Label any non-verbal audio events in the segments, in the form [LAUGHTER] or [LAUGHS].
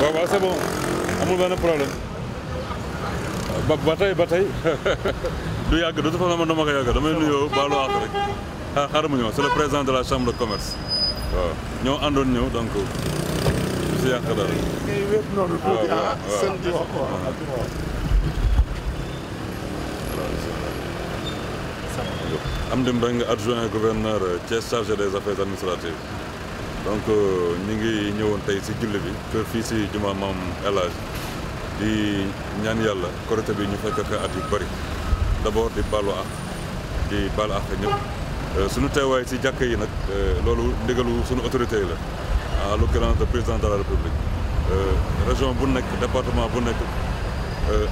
waaw waaw c'est amul benn problème ba ba ba tey [LAUGHS] du yàgg de toute façon man dama ko yàgg damay nuyoo baalu àq rek ah xaaral ma ñëw le président de la chambre de commerce ñoo àndoon ñëw donc si yàq daal. am dim adjoint gouverneur euh, Thiès chargé des affaires administratives donc euh, ñi ngi ñëwoon tey si julli bi kër fii si juma maam El di ñaan yàlla korité bi ñu fekk ak at yu bëri d' abord di baalu ak di baalu ak ñëpp euh, suñu teewaay si jàkk yi nag euh, loolu ndigalu suñu autorité yi la à l' occurrence de président de la république région bu nekk département bu nekk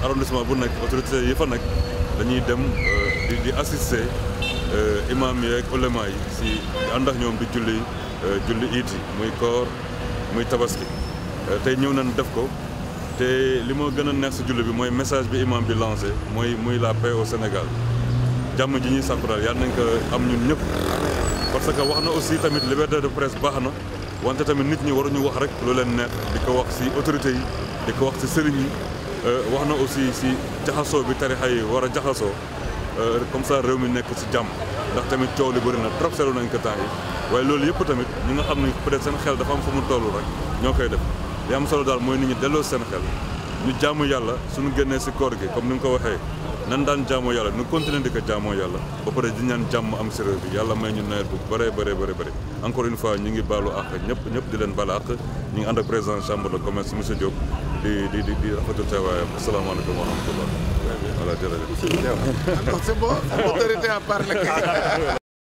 arrondissement bu nekk autorité yi fa nekk dañuy dem di di assister imam yeeg ulema yi si ànd ak ñoom di julli Euh, julli iit yi muy koor muy tabaski euh, tey ñëw nañ def ko te li moo gën a neex si julli bi mooy message bi imam bi lancé mooy muy la paix au Sénégal jàmm ji ñuy sàkku daal yàlla nañ ko am ñun ñëpp parce que wax na aussi tamit liberté de presse baax na wante tamit nit ñi war ñu wax rek lu leen neex di ko wax si autorité yi di ko wax si sëriñ yi euh, wax na aussi si jaxasoo bi tarixa yi war a jaxasoo Euh, comme ça réew mi nekk si jàmm ndax tamit coow li bëri na trop seetlu nañ ko temps yi waaye loolu yëpp tamit ñi nga xam ne peut-être seen xel dafa am fu mu toll rek ñoo koy def li am solo daal mooy nit ñi delloo seen xel ñu jaamu yàlla suñu génnee si koor gi comme ni nga ko waxee nan daan jaamoo yàlla nu continuer di ko jaamoo yàlla ba pare di ñaan jàmm am si réew bi yàlla may ñu nawet bu bëree bëree bëri bëri encore une ñu ngi baalu àq ñëpp ñëpp di leen bala àq ñu ànd ak président chambre de commerce monsieur di di di di rafetlu teewaayam asalaamaaleykum wa rahmatulah. voilà jërëjëf. c'est bon, autorité à parler. [LAUGHS]